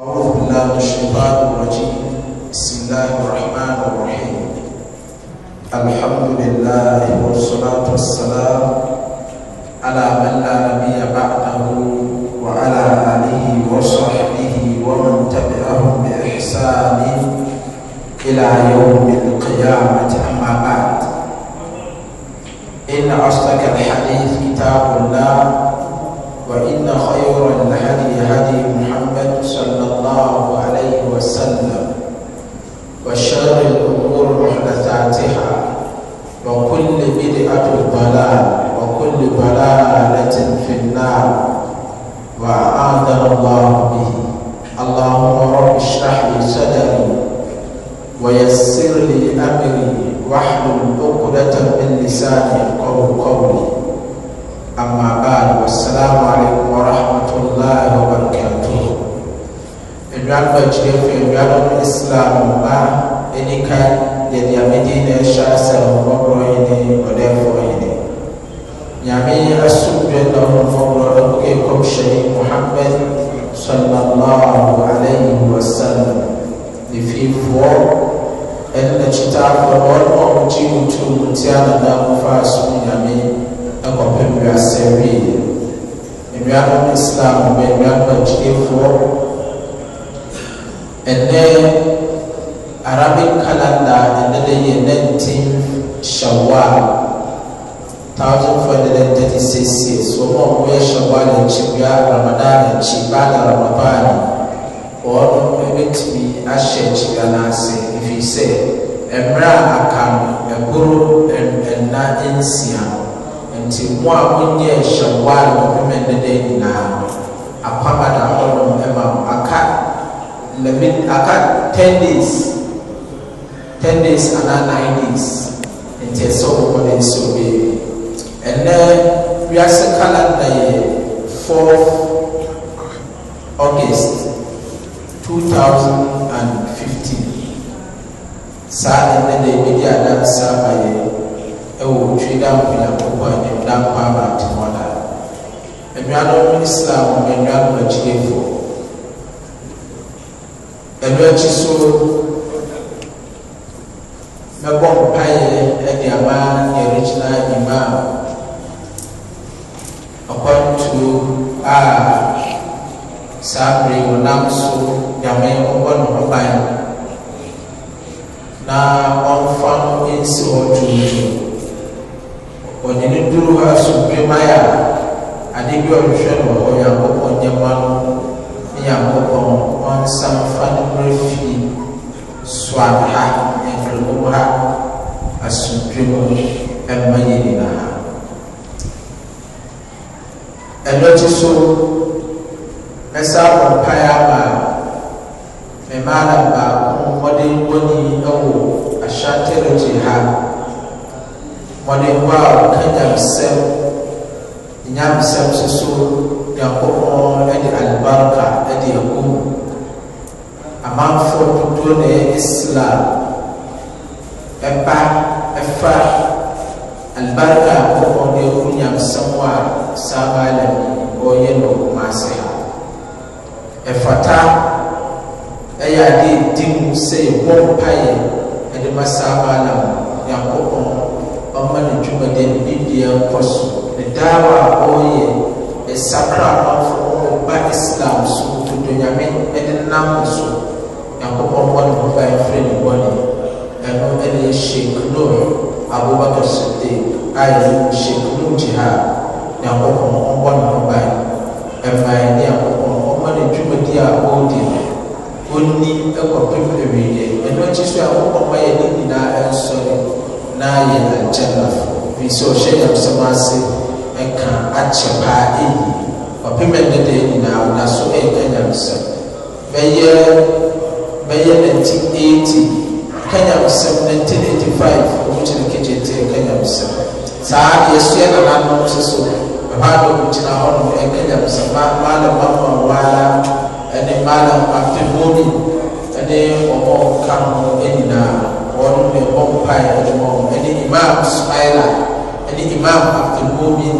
أعوذ بالله من الشيطان الرجيم بسم الله الرحمن الرحيم الحمد لله والصلاة والسلام على من لا نبي بعده وعلى آله وصحبه ومن تبعهم بإحسان إلى يوم القيامة أما بعد إن أصدق الحديث كتاب لسان يفقه قولي أما بعد والسلام عليكم ورحمة الله وبركاته إبراهيم أجريم في إبراهيم الإسلام ما إني كان يدي مدينة شاسة ومبرويني ودفويني يامي يعني أسوب يدهم فبرو أبقيكم شريك محمد صلى الله عليه وسلم لفي فوق ɛne ne kyitaafoɔ wɔn a wɔgye wotuo mu nti anadam faa som nyame ɛkɔpem wiase wie nnuanom islam ma nnuanom agyidiefoɔ ɛnɛ arabic calendar ɛnɛ de yɛ 19 shawwal 1436 years wɔn a wɔyɛ shawwal akyi wia ramadan akyi baada ramadan wɔn bɛtumi ahyɛ akyi wia n'ase firi sɛ mmerɛ a aka no ɛboro ɛnna nsia nti mo a monyɛ hyɛwaa ɔpemɛ dɛdɛ nyinaa no apam ada hɔnom ma aka eleven aka ten days ten days anaa nine days nti ɛsɛ wɔn mo na nsuo yɛ adansa ayɛ ɛwɔ twi dampo nyankopɔn anim dampo ama atem ɔda anuanom islam anuanom akyirefo ɛno akyi so mɛbɔ mpaeɛ ɛde ama yɛre gyina nyima a ɔkwantuo a saa bere wɔnam so nyame ɔbɔ ne ho ban na wɔmfa no nsi hɔ tuntum wɔde no duru hɔ asomdwemae a ade bi ɔhwehwɛ no wɔ hɔ nyankopɔn nyɛma no ne nyankopɔn ɔnsan fa no mmerɛ fii soane ha mfirikom ha asomdwem ɛma yɛ nyinaa ɛno so nyamesɛm soso nyankopɔn ɛde alibarika ɛde ɛgum amanfoɔ dodoɔ na ɛyɛ islam ɛba ɛfa alibarika a nyankopɔn de ɛgum nyamesɛm a saa baalɛm ɔreyɛ no kumase ɛfata ɛyɛ ade di mu sɛ ɛbɔ mpaeɛ ɛde ma saa baalɛm nyankopɔn ɔma ne dwumadɛ ne bibia nkɔ so Dawa a ɔreyɛ ɛsakra amanfo ɔmo islam so dodo nyame ɛde nam so nyankopɔn bɔ ne ho ban firi ne bɔne ɛno ɛna yɛ sheikh nur abubakar siddiq a yɛ sheikh nur jihad nyankopɔn ɔbɔ ne ho ban ɛmaa ne nyankopɔn ɔma ne dwumadi a ɔredi no ɔnni ɛkɔpem awieɛ ɛno akyi so a ɔbɔ ma yɛ ne nyinaa ɛnsɔre na yɛ agyɛnafo bi sɛ ɔhyɛ nyamsɛm ase ɛka akyɛ paa ɛyi ɔpem ɛdeda nyinaa ɔda so ɛyɛ nyamsɛm bɛyɛ bɛyɛ nineteen eighty kanyamsɛm nineteen eighty five ɔmo kyerɛ kɛkyɛ tɛ kanyamsɛm saa yɛsua nananom nso so ɛhɔ a ɔmo gyina hɔ no ɛka nyamsɛm maa maa na maa ma waa ɛne maa na afemoni ɛne ɔmo ka ho ɛnyinaa wɔn ɛbɔ mpae ɛne wɔn ɛne imam sumaila ɛne imam abdulmumin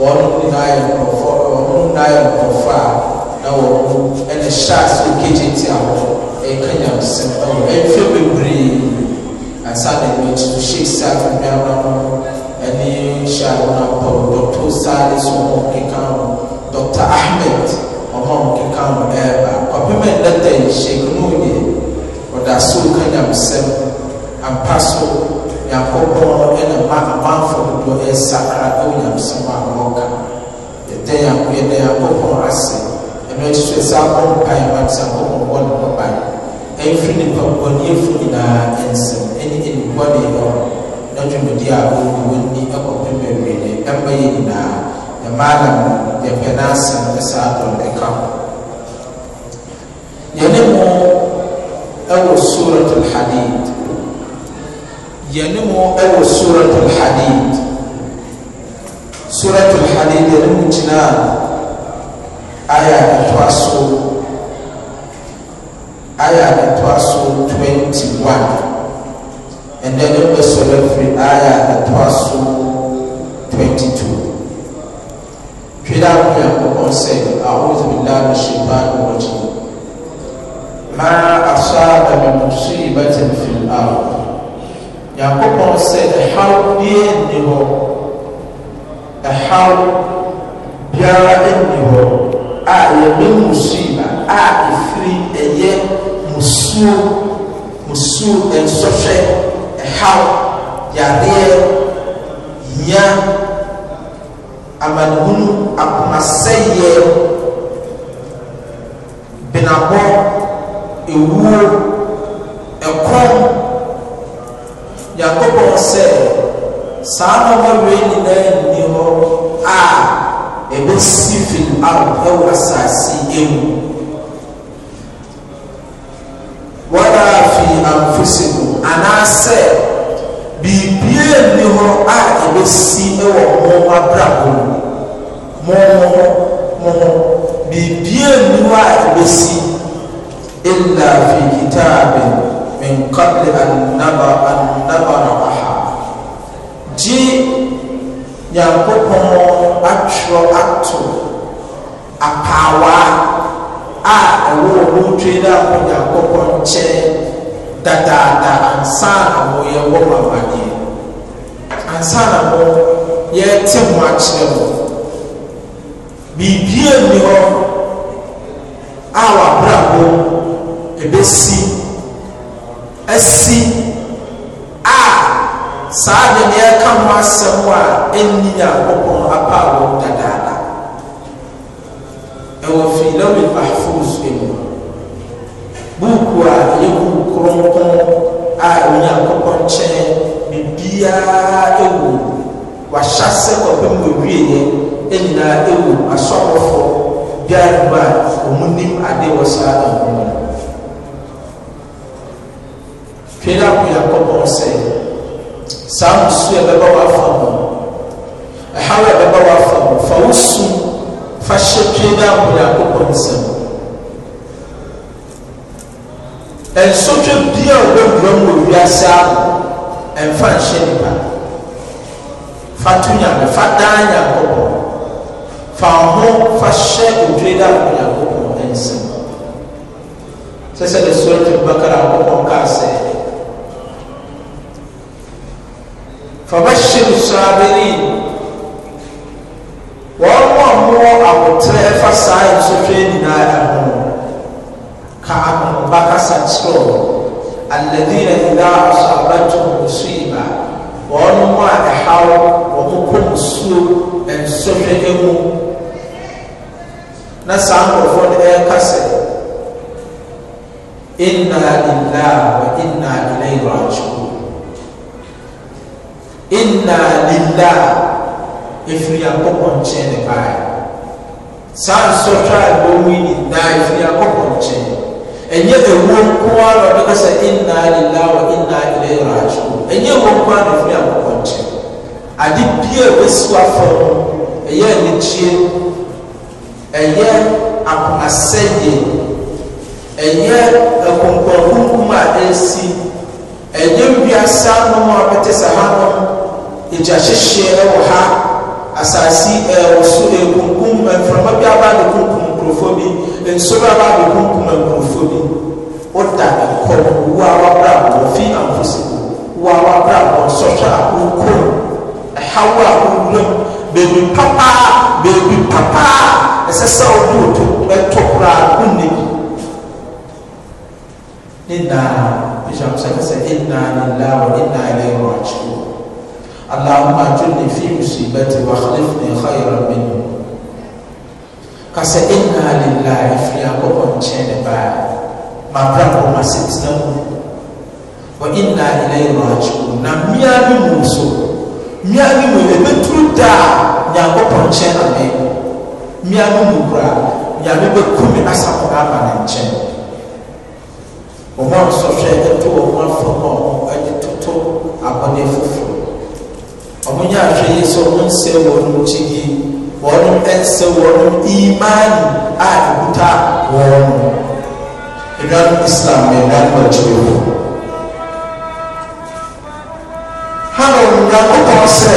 wɔn nyinaa yɛ nkurɔfoɔ wɔn nyinaa yɛ nkurɔfoɔ a na wɔn ɛna hyɛ ase kegye ti a wɔn ɛka nyamsɛm ɛwɔ ɛmfɛ bebree ansa na ɛmɛ akyi hyɛ esi ato nneɛma no. nnebɔneyɛfo nyinaa nsen ne anibɔne wɔ na dwumadi a wɔwu wɔnni kɔpem awiene ɛma yɛ nyinaa ɛmaalam yɛpɛ no asɛm saa dɔm ɛka ho yɛne mo ɛwɔ surat alhadid yɛne mo ɛwɔ surat alhadid surat alhadid yɛne mo gyina aya ɛtoa so aya ɛtoa so 21 and then it was firi aya ɛtoa so 22 tweda nyankopɔn sɛ aoudu billah min shaitan rajim ma asaba min musibatin fi lard nyankopɔn sɛ ɛhaw biaa nni hɔ ɛhaw biara nni hɔ a yɛme musiba a ɛfiri ɛyɛ musuo nsuo nsɔhwɛ ɛhaw yadeɛ nya amanehunu akomasɛyɛ benabɔ ewuo ɛkɔm yakɔbɔn sɛ saa nɔɔma wei nyinaa nni hɔ a ɛbɛsi fil ard ɛwɔ asaase emu. fi anfusikum anaasɛ biribiara nni hɔ a ɛbɛsi wɔ mo abrabɔ mu mo mo mo mo biribiara nni hɔ a ɛbɛsi illa fi kitaabin min qabli an naba an nabaraha gye nyankopɔn atwerɛ ato apaawaa a ɛwɔ wɔn twe dɛ akɔ nyankopɔn nkyɛn tataata ansa na mo yɛ wɔ mo amadeɛ ansa na mo yɛ te mo akyerɛ mo biribiara nni hɔ a wabrabɔ ebesi esi a saa de ne ɛka mo asɛm a ɛnni nyakopɔn. nyinaa ewu wahyɛ sɛ ɔbɛn mu ewie yɛ nyinaa ewu asɔrɔfo biara mu a wɔn nim ade wɔ saa ɛnwoma no twɛn a kò yɛ kɔbɔ sɛ saa musu yɛ bɛbɛ wɔ afa mu ɛhaw yɛ bɛbɛ wɔ afa mu fa wosu fa hyɛ twɛn a kò yɛ kɔbɔ nsɛm ɛnsotwe bia a wɔbɛwura mu wɔ wiase ano ɛnfa nhyɛ nipa fa to nyame fa daa nyankopɔn fa ho fa hyɛ odwiri da ho nyankopɔn nsɛm sɛ sɛ de sɔrɔ te bakara akokɔn kaa sɛ fa ba hyɛ nsuabiri wɔn mu a wɔwɔ ahotere ɛfa saa nsɔhwɛ nyinaa ɛho ka ano ba kyerɛ wɔn alladhina idha asabatuhum musiba wɔn mu a ɛhaw wɔn kɔ nsuo nsɔhwɛ mu na saa nkurɔfoɔ no ɛreka sɛ inna lillahi wa inna ilayhi raji'un inna lillahi efiri akɔkɔ nkyɛn ne baa saa nsɔhwɛ a ɛbɔ mu yi nyinaa efiri akɔkɔ nkyɛn ɛnyɛ ɛwuo nko ara ɔde kasa inna lillahi wa inna ilayhi raji'un ɛnyɛ ɛwuo nko ara na fi akɔkɔ nkyɛn ade bia a ɛbɛsi wafɔ no ɛyɛ anigyeɛ ɛyɛ akonasɛyɛ ɛyɛ ɛkonkɔnkunkum a ɛresi ɛyɛ wiasa nom a bɛte sɛ ha nom egya hyehyɛ ɛwɔ ha asase ɛwɔ so ɛkunkum mframa bi aba ne kunkum nkurɔfoɔ bi nsuo a baa bekunkum nkurɔfoɔ bi ɔda nkɔm wo a wabra wɔn fi anfosi wo a wabra wɔn sɔhwɛ a wɔnkɔm ɛhaw a wɔnwuram beebi papa? beebi papaa ɛsɛ sɛ ɔde oto ɛtɔ koraa ɔnne bi ne naa bishop sɛ sɛ inna lillahi wa inna ilayhi raji'un allahumma ajurni fi musibati wa akhlifni khayran minhu ka sɛ inna lillahi ɛfiri akɔbɔ nkyɛn ne baa mabrabɔ masetena mu wa inna ilayhi rajiun na mmea bi mu so mmea bi mu ɛbɛturu da a nyankopɔn nkyɛn na me mmea bi mu kora nyame bɛku me asafo ama ne nkyɛn wɔn a sɔhwɛ ɛto wɔn afɔ ma wɔn ɛde toto abɔne foforɔ wɔn nyɛ ahwɛ yi sɛ wɔn nsɛm wɔn mu kyigyi wɔn nsa wɔn iman, a ebuta wɔn eduano islam na eduano akyire hɔ hanom nyankopɔn sɛ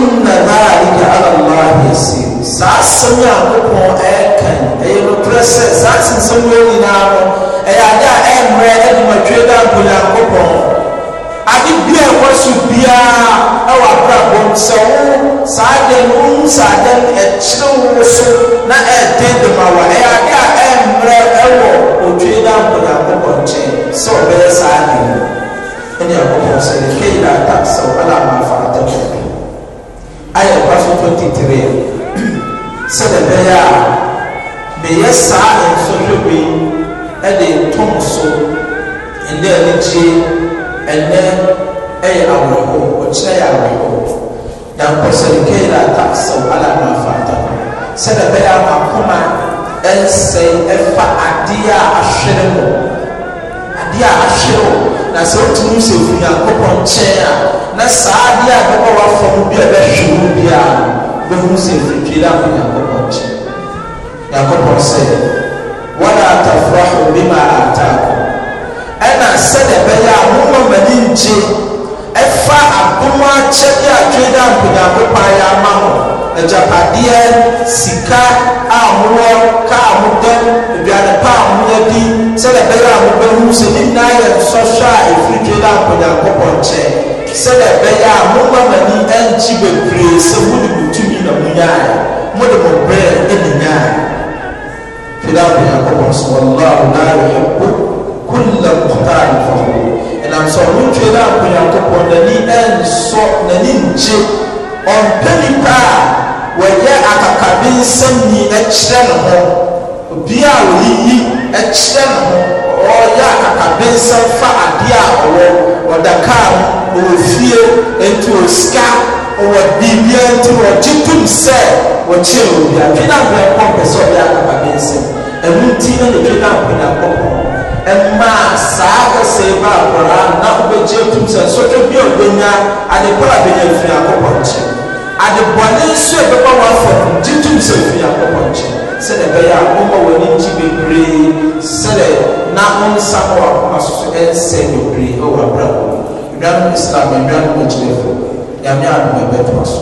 nna naalika alalahi asi saa asɛm nyankopɔn ɛɛka ɛyɛ nokorɛ sɛ saa asensɛm wɔ nyinaa no ɛyɛ ade a ɛmmerɛ ɛdum atwere da mpo nyankopɔn ade bia ɛwɔ so biara ɛwɔ abrabɔm sɛ wo saa adeɛ no wohu saa adeɛ no ɛkyerɛ wo so na ɛɛden de ma wa ɛyɛ ade a ɛmmerɛ ɛwɔ odwe no ankɔnyankopɔn nkyɛn sɛ ɔbɛyɛ saa adeɛ no ɛne akɔpɔn sɛ ne kei na atak sɛ ɔbɛla amaafa atɔtɔ bi ayɛ ɛkwa so 23 sɛde ɛbɛyɛ a meyɛ saa nsɔhwɛ wei ɛde ntom so ɛnɛ anigyeɛ ɛnɛ ɛyɛ awerɛhɔ ɔkyerɛ yɛ awerɛhɔ na mpɛ sɛ kɛla taksew ala ma fata sɛdeɛ ɛbɛyɛ ama koma ɛnsɛe ɛfa adeɛ a ahwere ho adeɛ a ahwere ho na sɛ wotumi sɛ ofiri akokɔ nkyɛn a na saa adeɛ a bɛbɔ wafɔ mu bi a bɛhwe mu biara bɛhu sɛ mfitwiri ama nyankopɔ nkyɛn nyankopɔ sɛ wɔn a atafra ho bi ma ataakom sɛne ɛbɛyɛ a moma m'ani ngye ɛfa abom akyɛde a dweda mponyankopɔn ayɛ ama ho agyapadeɛ sika a mowɔ kaa modɔn aduane pa a moyɛ di sɛne ɛbɛyɛ a mobɛhu sɛ ne nyinaa yɛ nsɔhwɛ a ɛfiri dweda mponyankopɔn nkyɛn sɛne ɛbɛyɛ a moma m'ani angye bebree sɛ mode mo tumi na monyaeɛ mode mo berɛ ne nyaeɛ dweda mponyankopɔn so wallahu la yuhibbu kulla muhtaari fahu ɛnam sɛ ɔno ntwe no akonyankopɔn n'ani ɛnsɔ n'ani nkye ɔmpɛ nipa a wɔyɛ akakabensɛm ni ɛkyerɛ ne ho obiaa a wɔyiyi ɛkyerɛ ne ho ɔyɛ akakabensɛm fa adeɛ a ɔwɔ ɔda kaa mu ɔwɔ fie nti ɔ sika ɔwɔ biribia nti wɔgye tom sɛ wɔkyerɛ obi a dwe no akonyankopɔn pɛ sɛ ɔyɛ akakabensɛm ɛno nti na ne dwe no akonyankopɔn ma akwaraa na wobɛgye atum sɛ sotwe bi a wobɛnya ade kora bɛnya firi akɔkɔ nkyɛn ade bɔne nso a ɛbɛba wɔafa gye tum sɛ firi akɔkɔ nkyɛn sɛdeɛ ɛbɛyɛ a woma w'ani gye bebree sɛdeɛ na wo nsa ma wakoma so so ɛnsɛ bebree ɛwɔ abrabɔ nnuanom islam nnuanom agyinafo nyame adom ɛbɛtoa so